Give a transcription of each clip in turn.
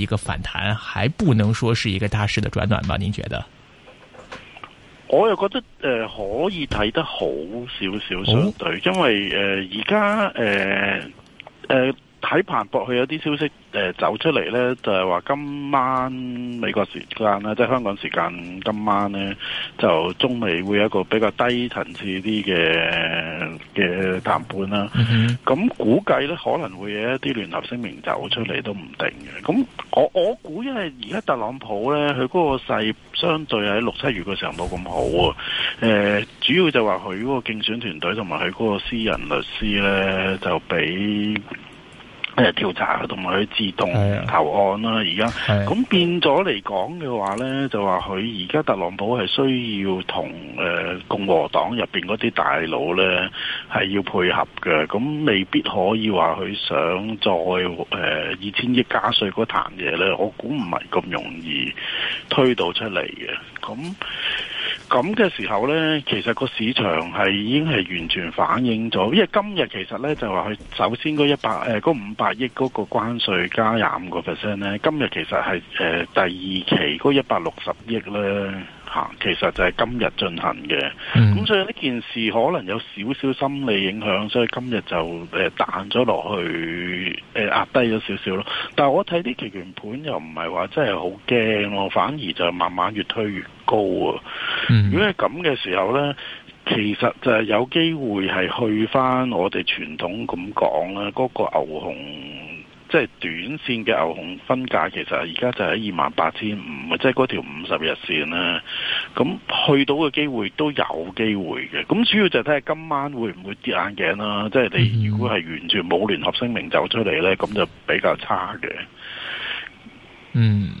一個反彈還不能說是一個大市的轉暖吧？您覺得？我又覺得誒、呃，可以睇得好少少相對，因為誒而家誒誒。呃喺彭博，佢有啲消息、呃、走出嚟呢，就係、是、話今晚美國時間啦，即係香港時間今晚呢，就中美會有一個比較低層次啲嘅嘅談判啦。咁、mm hmm. 估計呢，可能會有一啲聯合聲明走出嚟都唔定嘅。咁我我估，因為而家特朗普呢，佢嗰個勢相對喺六七月嘅時候冇咁好啊、呃。主要就話佢嗰個競選團隊同埋佢嗰個私人律師呢，就俾。咩調查同埋佢自動投案啦，而家咁變咗嚟講嘅話呢，就話佢而家特朗普係需要同誒、呃、共和黨入邊嗰啲大佬呢係要配合嘅，咁未必可以話佢想再誒二千億加稅嗰壇嘢呢，我估唔係咁容易推到出嚟嘅，咁。咁嘅時候呢，其實個市場係已經係完全反映咗，因為今日其實呢，就話佢首先嗰一百誒嗰五百億嗰個關稅加廿五個 percent 咧，今日其實係、呃、第二期嗰一百六十億呢。吓，其實就係今日進行嘅，咁所以呢件事可能有少少心理影響，所以今日就誒彈咗落去，誒、呃、壓低咗少少咯。但係我睇啲期權盤又唔係話真係好驚咯，反而就慢慢越推越高啊。嗯、如果係咁嘅時候呢，其實就係有機會係去返我哋傳統咁講啦，嗰、嗰個牛熊。即係短線嘅牛熊分價其實而家就喺二萬八千五，即係嗰條五十日線啦。咁去到嘅機會都有機會嘅，咁主要就睇下今晚會唔會跌眼鏡啦。即係你如果係完全冇聯合聲明走出嚟呢，咁就比較差嘅。嗯。嗯。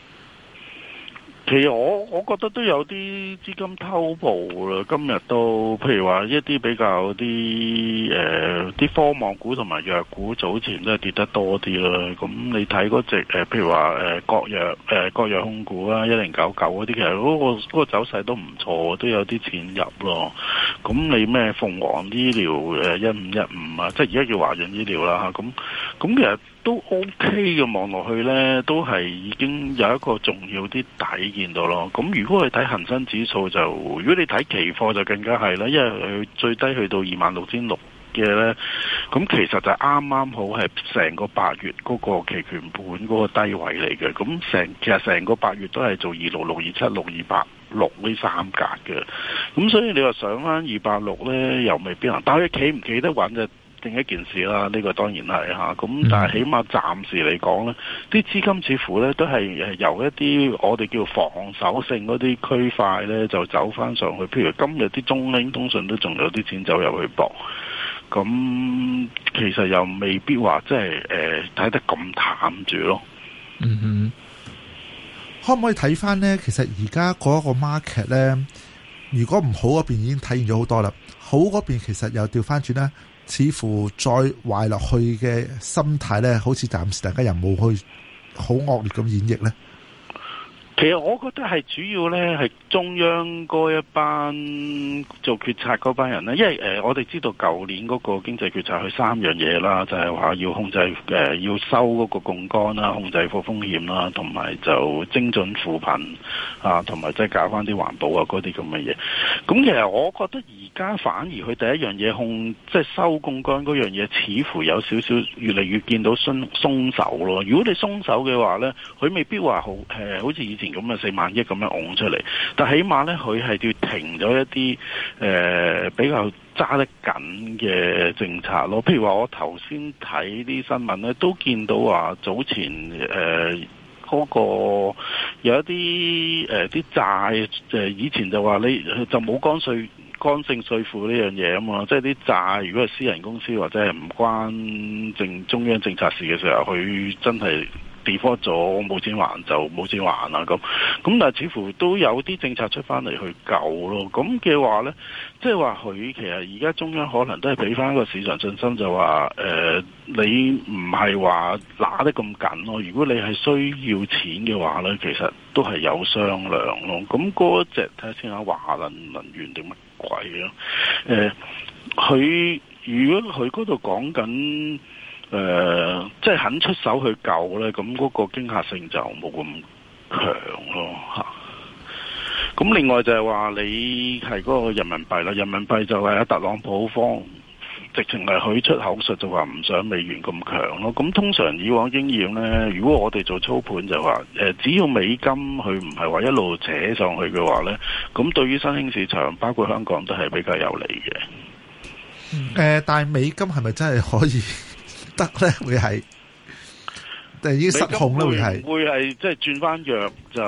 其實我我覺得都有啲資金偷步啦，今日都譬如話一啲比較啲誒啲科網股同埋藥股早前都係跌得多啲啦。咁你睇嗰隻譬如話誒、呃、國藥誒、呃、國藥控股啊一零九九嗰啲其實嗰、嗰個嗰、嗰個走勢都唔錯，都有啲錢入咯。咁你咩鳳凰醫療誒一五一五啊，即係而家叫華潤醫療啦，咁咁其實。都 OK 嘅，望落去呢都係已經有一個重要啲底見到咯。咁如果你睇恒生指數就，如果你睇期貨就更加係啦，因為佢最低去到二萬六千六嘅呢。咁其實就啱啱好係成個八月嗰個期權盤嗰個低位嚟嘅。咁成其實成個八月都係做二六六、二七六、二八六呢三格嘅。咁所以你話上翻二八六呢，又未必行。但係企唔企得穩嘅？另一件事啦，呢個當然係嚇。咁但係起碼暫時嚟講呢啲資金似乎咧都係由一啲我哋叫防守性嗰啲區塊呢就走翻上去。譬如今日啲中興通訊都仲有啲錢走入去搏，咁其實又未必話即係誒睇得咁淡住咯。嗯哼，可唔可以睇翻呢？其實而家嗰個 market 呢，如果唔好嗰邊已經體現咗好多啦。好嗰邊其實又調翻轉咧。似乎再壞落去嘅心態咧，好似暫時大家又冇去好惡劣咁演繹咧。其實我覺得係主要咧係中央嗰一班做決策嗰班人咧，因為誒我哋知道舊年嗰個經濟決策去三樣嘢啦，就係話要控制誒要收嗰個槓桿啦，控制貨風險啦，同埋就精準扶貧啊，同埋即係搞翻啲環保啊嗰啲咁嘅嘢。咁其實我覺得。家反而佢第一樣嘢控，即、就、係、是、收供幹嗰樣嘢，似乎有少少越嚟越見到鬆鬆手咯。如果你鬆手嘅話呢，佢未必話好誒、呃，好似以前咁啊四萬億咁樣㧬出嚟。但起碼呢，佢係要停咗一啲誒、呃、比較揸得緊嘅政策咯。譬如話，我頭先睇啲新聞呢，都見到話早前誒嗰、呃那個有一啲誒啲債、呃、以前就話你就冇幹稅。乾性稅負呢樣嘢啊嘛，即係啲債，如果係私人公司或者係唔關政中央政策事嘅時候，佢真係跌翻咗冇錢還就冇錢還啦咁。咁但係似乎都有啲政策出翻嚟，去救咯。咁嘅話呢，即係話佢其實而家中央可能都係俾翻一個市場信心，就話誒、呃、你唔係話拿得咁緊咯。如果你係需要錢嘅話呢，其實都係有商量咯。咁嗰隻睇下先下華能能源點鬼咯，誒、呃，佢如果佢嗰度講緊誒，即係肯出手去救咧，咁嗰個驚嚇性就冇咁強咯吓。咁、啊、另外就係話你係嗰個人民幣啦，人民幣就係、是、特朗普方。直情係佢出口術就話唔想美元咁強咯，咁通常以往經驗呢，如果我哋做操盤就話，誒只要美金佢唔係話一路扯上去嘅話呢，咁對於新興市場包括香港都係比較有利嘅、嗯呃。但係美金係咪真係可以得 呢？會係？就已經失控啦！會係會係，即係轉翻藥，就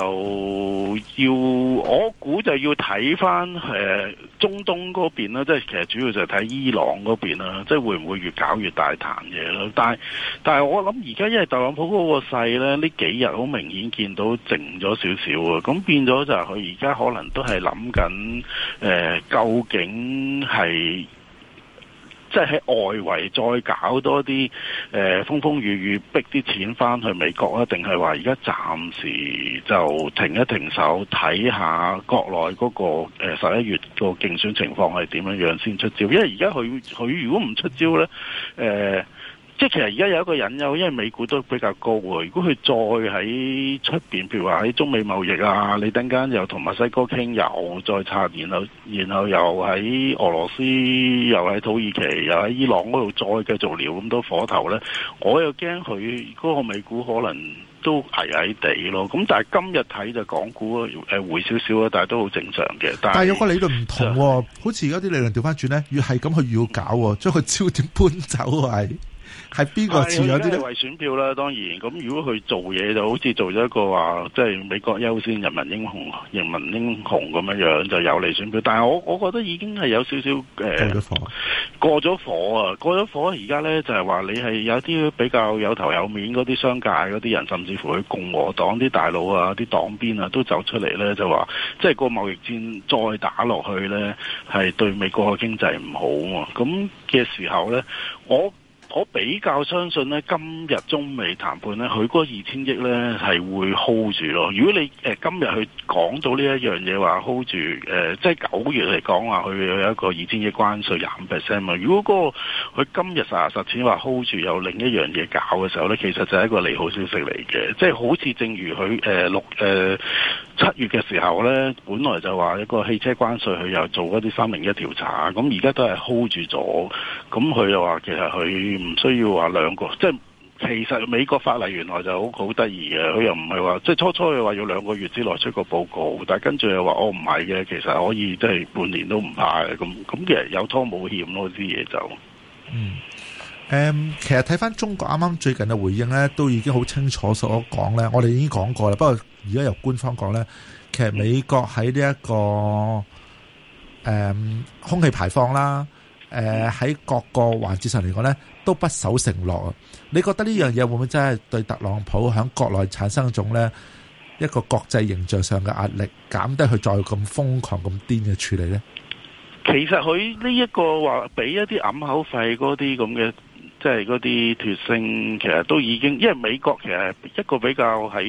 要我估就要睇翻誒中東嗰邊啦，即係其實主要就係睇伊朗嗰邊啦，即係會唔會越搞越大壇嘢啦？但係但係我諗而家因為特朗普嗰個勢咧，呢幾日好明顯見到靜咗少少啊，咁變咗就係佢而家可能都係諗緊誒，究竟係。即係喺外圍再搞多啲誒、呃、風風雨雨，逼啲錢返去美國啦，定係話而家暫時就停一停手，睇下國內嗰、嗰個十一、呃、月個競選情況係點樣樣先出招？因為而家佢佢如果唔出招呢。誒、呃。即係其實而家有一個隱憂，因為美股都比較高喎。如果佢再喺出邊，譬如話喺中美貿易啊，你陣間又同墨西哥傾又再撐，然後然後又喺俄羅斯、又喺土耳其、又喺伊朗嗰度再繼續撩咁多火頭咧，我又驚佢嗰個美股可能都矮矮地咯。咁但係今日睇就港股誒、呃、回少少啊，但係都好正常嘅。但係有個理論唔同喎，就是、好似而家啲理論調翻轉咧，越係咁去越要搞喎，將個、嗯、焦點搬走係。係邊個佔有啲咧？為選票啦，當然咁。如果佢做嘢，就好似做咗一個話，即、就、係、係、美國優先、人民英雄、人民英雄咁樣樣，就有利選票。但係我我覺得已經係有少少誒、呃，過咗火啊！過咗火而家呢就係、係、話你係有啲比較有頭有面嗰啲商界嗰啲人，甚至乎去共和黨啲大佬啊、啲黨鞭啊，都走出嚟呢，就話即係個貿易戰再打落去呢，係對美國嘅經濟唔好。咁嘅時候呢。我。我比較相信呢，今日中美談判呢，佢嗰二千億呢係會 hold 住咯。如果你、呃、今日去講到呢一樣嘢話 hold 住，誒、呃、即係九月嚟講話佢有一個二千億關稅廿五 percent 嘛。如果嗰、那、佢、個、今日實實踐話 hold 住有另一樣嘢搞嘅時候呢，其實就係一個利好消息嚟嘅。即係好似正如佢誒六誒七月嘅時候呢，本來就話一個汽車關稅，佢又做一啲三零一調查，咁而家都係 hold 住咗。咁佢又話其實佢。唔需要話兩個，即係其實美國法例原來就好好得意嘅，佢又唔係話，即係初初又話要兩個月之內出個報告，但係跟住又話我唔係嘅，其實可以即係半年都唔怕嘅。咁咁其實有拖冇險咯，啲嘢就嗯，誒、嗯，其實睇返中國啱啱最近嘅回應咧，都已經好清楚所講咧，我哋已經講過啦。不過而家由官方講咧，其實美國喺呢一個誒、嗯、空氣排放啦。誒喺，、呃、各個環節上嚟講呢，都不守承諾。你覺得呢樣嘢會唔會真係對特朗普喺國內產生一種呢一個國際形象上嘅壓力減低佢再咁瘋狂咁癲嘅處理呢？其實佢呢一個話俾一啲揞口費嗰啲咁嘅即係嗰啲脫性其實都已經，因為美國其實一個比較喺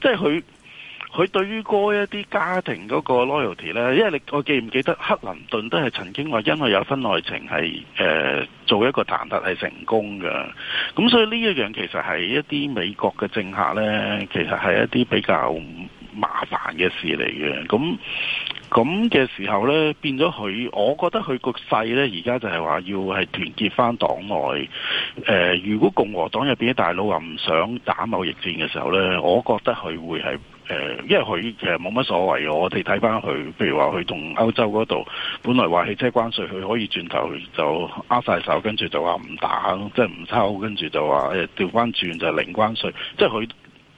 即係佢佢對於嗰一啲家庭嗰個 loyalty 咧，因為你我記唔記得克林頓都係曾經話，因為有婚外情係誒、呃、做一個談特係成功嘅。咁所以呢一樣其實係一啲美國嘅政客咧，其實係一啲比較麻煩嘅事嚟嘅。咁咁嘅時候咧，變咗佢，我覺得佢個勢咧，而家就係話要係團結翻黨內。誒、呃，如果共和黨入面啲大佬話唔想打貿易戰嘅時候咧，我覺得佢會係。誒、呃，因為佢其實冇乜所謂㗎，我哋睇翻佢，譬如話佢同歐洲嗰度，本來話汽車關稅，佢可以轉頭就握晒手，跟住就話唔打，即係唔抽，跟住就話誒調翻轉就係就零關稅，即係佢。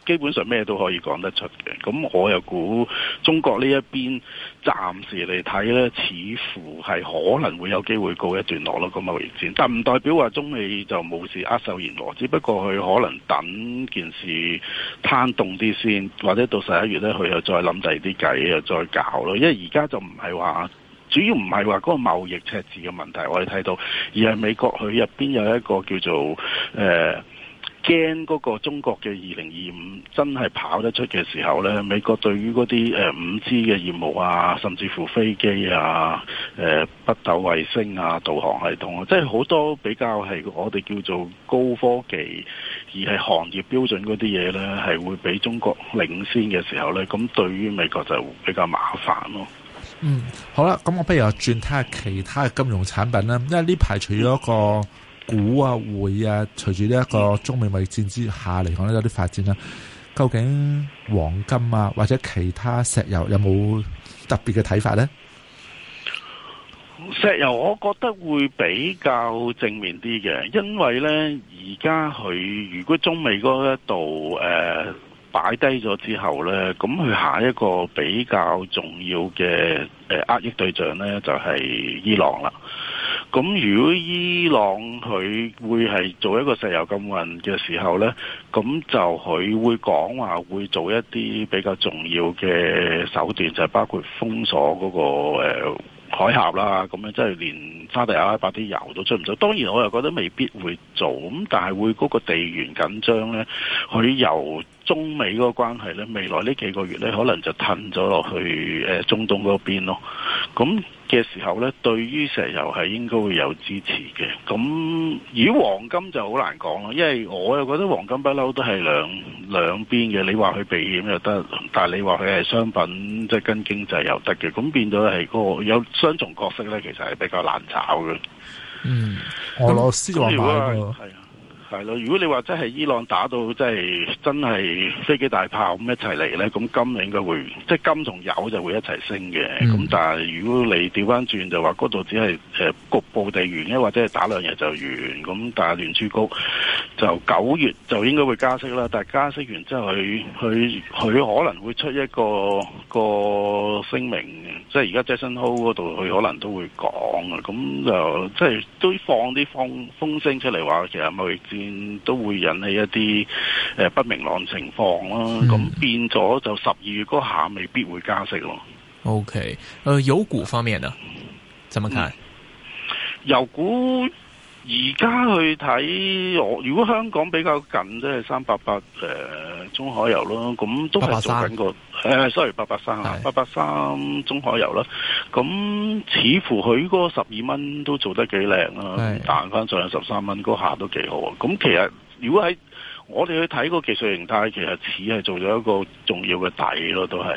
基本上咩都可以講得出嘅，咁我又估中國呢一邊暫時嚟睇咧，似乎係可能會有機會告一段落咯，咁，貿易戰。但唔代表話中美就冇事握手言和，只不過佢可能等件事攤凍啲先，或者到十一月咧，佢又再諗第二啲計，又再搞咯。因為而家就唔係話主要唔係話嗰個貿易赤字嘅問題，我哋睇到，而係美國佢入邊有一個叫做誒。呃驚嗰個中國嘅二零二五真係跑得出嘅時候呢，美國對於嗰啲誒五 G 嘅業務啊，甚至乎飛機啊、誒北斗衛星啊、導航系統啊，即係好多比較係我哋叫做高科技而係行業標準嗰啲嘢呢，係會比中國領先嘅時候呢。咁對於美國就比較麻煩咯。嗯，好啦，咁我不如轉睇下其他金融產品啦，因為呢排除咗個。股啊、匯啊，隨住呢一個中美貿易戰之下嚟講呢，有啲發展啦。究竟黃金啊或者其他石油有冇特別嘅睇法呢？石油我覺得會比較正面啲嘅，因為呢，而家佢如果中美嗰一度誒擺低咗之後呢，咁佢下一個比較重要嘅誒壓抑對象呢，就係伊朗啦。咁如果伊朗佢會係做一個石油禁運嘅時候呢，咁就佢會講話會做一啲比較重要嘅手段，就係、係、包括封鎖嗰、嗰個、呃、海峽啦。咁樣即係連沙地阿拉伯啲油都出唔出，當然我又覺得未必會做，咁但係會嗰個地緣緊張呢，佢由中美嗰個關係呢，未來呢幾個月呢可能就褪咗落去誒、呃、中東嗰邊咯。咁嘅時候咧，對於石油係應該會有支持嘅。咁如果黃金就好難講喇，因為我又覺得黃金不嬲都係兩兩邊嘅。你話佢避險又得，但係你話佢係商品，即係跟經濟又得嘅。咁變咗係嗰個有雙重角色咧，其實係比較難炒嘅。嗯，俄那、啊、羅斯黃、那個係咯，如果你話真係伊朗打到真係真係飛機大炮咁一齊嚟咧，咁金應該會即係金同油就會一齊升嘅。咁、嗯、但係如果你調翻轉就話嗰度只係誒局部地緣咧，或者係打兩日就完咁，但係聯儲局就九月就應該會加息啦。但係加息完之後佢，佢佢佢可能會出一個一個聲明，即係而家 Jackson Hole 嗰度佢可能都會講啊。咁就即係都放啲風風聲出嚟話，其實係未都會引起一啲誒、呃、不明朗情況啦、啊，咁變咗就十二月嗰下未必會加息咯。O K，誒，油股方面呢？怎麼睇？油、嗯、股。而家去睇我，如果香港比較近，即係三八八誒中海油咯，咁都係做緊個誒，sorry，八八三啊，八八三中海油啦，咁似乎佢嗰十二蚊都做得幾靚啊，彈翻是的 上去十三蚊嗰下都幾好啊，咁其實如果喺我哋去睇個技術形態，其實似係做咗一個重要嘅底咯，都係。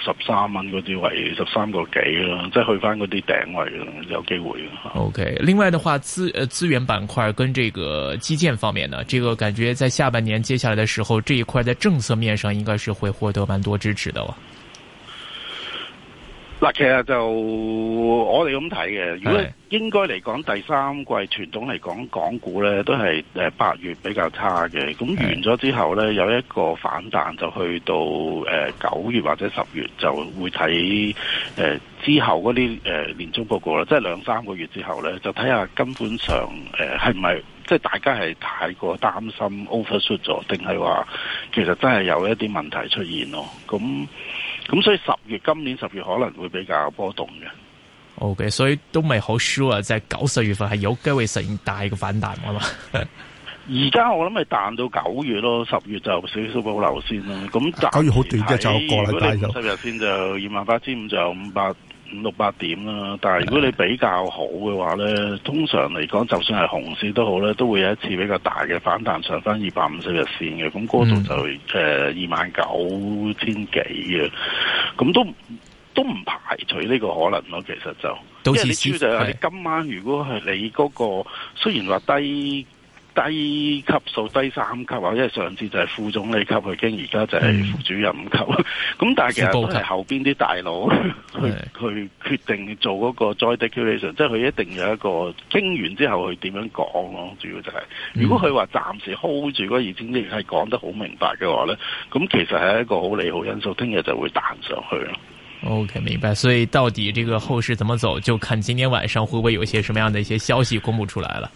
十三蚊嗰啲位，十三個幾啦，即係去翻嗰啲頂位啦，有機會啦。OK，另外的話資、呃、資源板塊跟這個基建方面呢，這個感覺在下半年接下來的時候，這一塊在政策面上應該是會獲得蠻多支持的哇、哦。嗱，其實就我哋咁睇嘅，如果應該嚟講，第三季傳統嚟講，港股咧都係誒八月比較差嘅。咁完咗之後咧，有一個反彈，就去到誒九月或者十月，就會睇之後嗰啲年終報告啦。即係兩三個月之後咧，就睇下根本上誒係咪即係大家係太過擔心 overshot 咗，定係話其實真係有一啲問題出現咯？咁咁所以十月今年十月可能會比較波動嘅。O、okay, K，所以都未好 sure，啊。即係九、十月份係有機會實現大嘅反彈啊嘛。而家 我諗係彈到九月咯，十月就少少保留先啦。咁九月好短嘅，就個禮拜。十月先就二萬八千五就五百。五六百點啦，但係如果你比較好嘅話呢，通常嚟講，就算係熊市都好呢，都會有一次比較大嘅反彈，上翻二百五十四日線嘅，咁嗰度就誒、嗯呃、二萬九千幾嘅，咁都都唔排除呢個可能咯。其實就即係時你輸係今晚，如果係你嗰、嗰個雖然話低。低級數低三級啊，因為上次就係副總理級去傾，而家就係副主任級。咁、嗯、但係其實都係後邊啲大佬、嗯、去去決定做嗰個再 education，的即係佢一定有一個傾完之後去點樣講咯。主要就係、是、如果佢話暫時 hold 住嗰二千億係講得好明白嘅話咧，咁其實係一個好利好因素，聽日就會彈上去咯。OK，明白。所以到底呢個後市怎麼走，就看今天晚上會唔會有一些什麼樣的一些消息公布出來了。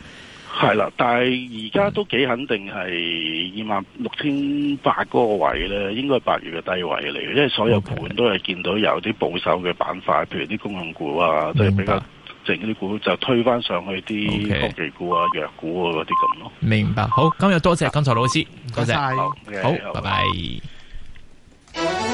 係啦，但係而家都幾肯定係二萬六千八嗰個位咧，應該係八月嘅低位嚟嘅，因為所有盤都係見到有啲保守嘅板塊，譬如啲公用股啊，即係白比較正啲股就推返上去啲科技股啊、Okay 藥股啊嗰啲咁咯。明白，好，今日多謝，謝金曹老師，多謝，謝，謝謝，好，拜拜吧。